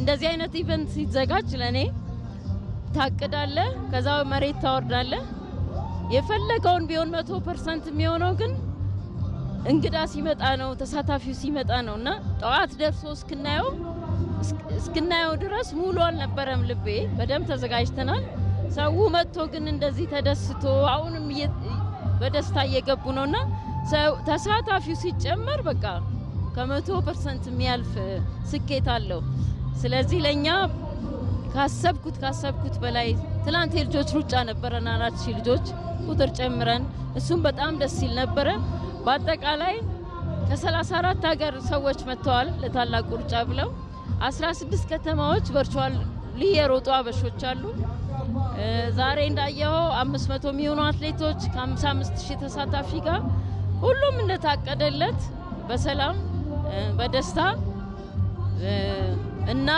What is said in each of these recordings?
እንደዚህ አይነት ኢቨንት ሲዘጋጅ ለኔ ታቅዳለ፣ ከዛ መሬት ታወርዳለ። የፈለገውን ቢሆን መቶ ፐርሰንት የሚሆነው ግን እንግዳ ሲመጣ ነው፣ ተሳታፊው ሲመጣ ነው እና ጠዋት ደርሶ እስክናየው እስክናየው ድረስ ሙሉ አልነበረም ልቤ። በደንብ ተዘጋጅተናል። ሰው መጥቶ ግን እንደዚህ ተደስቶ አሁንም በደስታ እየገቡ ነው እና ተሳታፊው ሲጨመር በቃ ከመቶ ፐርሰንት የሚያልፍ ስኬት አለው። ስለዚህ ለእኛ ካሰብኩት ካሰብኩት በላይ ትላንት የልጆች ሩጫ ነበረና አራት ሺህ ልጆች ቁጥር ጨምረን እሱም በጣም ደስ ሲል ነበረ። በአጠቃላይ ከ34 ሀገር ሰዎች መጥተዋል ለታላቁ ሩጫ ብለው 16 ከተማዎች ቨርቹዋል ሊየሮጡ አበሾች አሉ። ዛሬ እንዳየኸው 500 የሚሆኑ አትሌቶች ከ55 ተሳታፊ ጋር ሁሉም እንደታቀደለት በሰላም በደስታ እና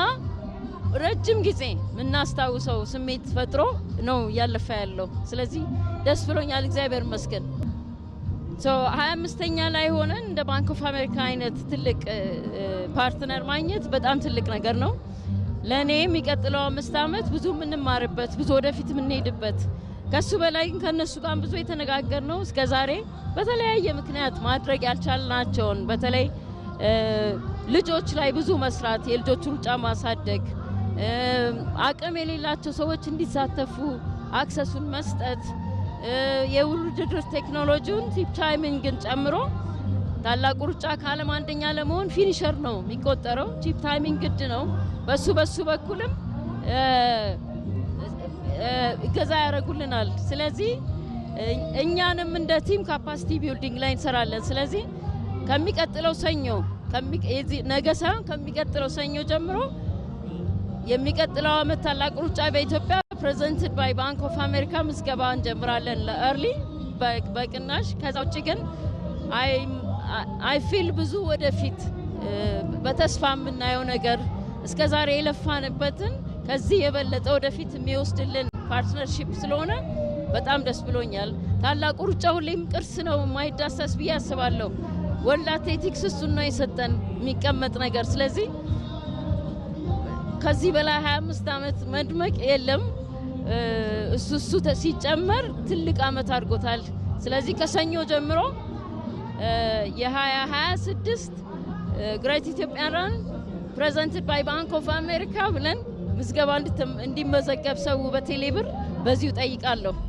ረጅም ጊዜ የምናስታውሰው ስሜት ፈጥሮ ነው እያለፋ ያለው። ስለዚህ ደስ ብሎኛል፣ እግዚአብሔር ይመስገን። ሀያ አምስተኛ ላይ ሆነን እንደ ባንክ ኦፍ አሜሪካ አይነት ትልቅ ፓርትነር ማግኘት በጣም ትልቅ ነገር ነው። ለእኔ የሚቀጥለው አምስት ዓመት ብዙ የምንማርበት ብዙ ወደፊት የምንሄድበት ከሱ በላይ ከነሱ ጋር ብዙ የተነጋገር ነው። እስከ ዛሬ በተለያየ ምክንያት ማድረግ ያልቻልናቸውን በተለይ ልጆች ላይ ብዙ መስራት፣ የልጆች ሩጫ ማሳደግ፣ አቅም የሌላቸው ሰዎች እንዲሳተፉ አክሰሱን መስጠት፣ የውድድር ቴክኖሎጂውን ቲፕታይሚንግን ጨምሮ ታላቁ ሩጫ ከዓለም አንደኛ ለመሆን ፊኒሸር ነው የሚቆጠረው። ቺፕ ታይሚንግ ግድ ነው። በሱ በሱ በኩልም እገዛ ያደርጉልናል። ስለዚህ እኛንም እንደ ቲም ካፓሲቲ ቢልዲንግ ላይ እንሰራለን። ስለዚህ ከሚቀጥለው ሰኞ ነገ ሳይሆን ከሚቀጥለው ሰኞ ጀምሮ የሚቀጥለው አመት ታላቅ ሩጫ በኢትዮጵያ ፕሬዘንትድ ባይ ባንክ ኦፍ አሜሪካ ምዝገባ እንጀምራለን ለእርሊ በቅናሽ። ከዛ ውጭ ግን አይ ፊል ብዙ ወደፊት በተስፋ የምናየው ነገር እስከ ዛሬ የለፋንበትን ከዚህ የበለጠ ወደፊት የሚወስድልን ፓርትነርሽፕ ስለሆነ በጣም ደስ ብሎኛል። ታላቁ ሩጫ ሁሌም ቅርስ ነው የማይዳሰስ ብዬ አስባለሁ። ወልድ አትሌቲክስ እሱን ነው የሰጠን የሚቀመጥ ነገር። ስለዚህ ከዚህ በላይ 25 ዓመት መድመቅ የለም። እሱ እሱ ሲጨመር ትልቅ ዓመት አድርጎታል። ስለዚህ ከሰኞ ጀምሮ የ2026 ግሬት ኢትዮጵያን ራን ፕሬዘንትድ ባይ ባንክ ኦፍ አሜሪካ ብለን ምዝገባ እንዲመዘገብ ሰው በቴሌ ብር በዚሁ ጠይቃለሁ።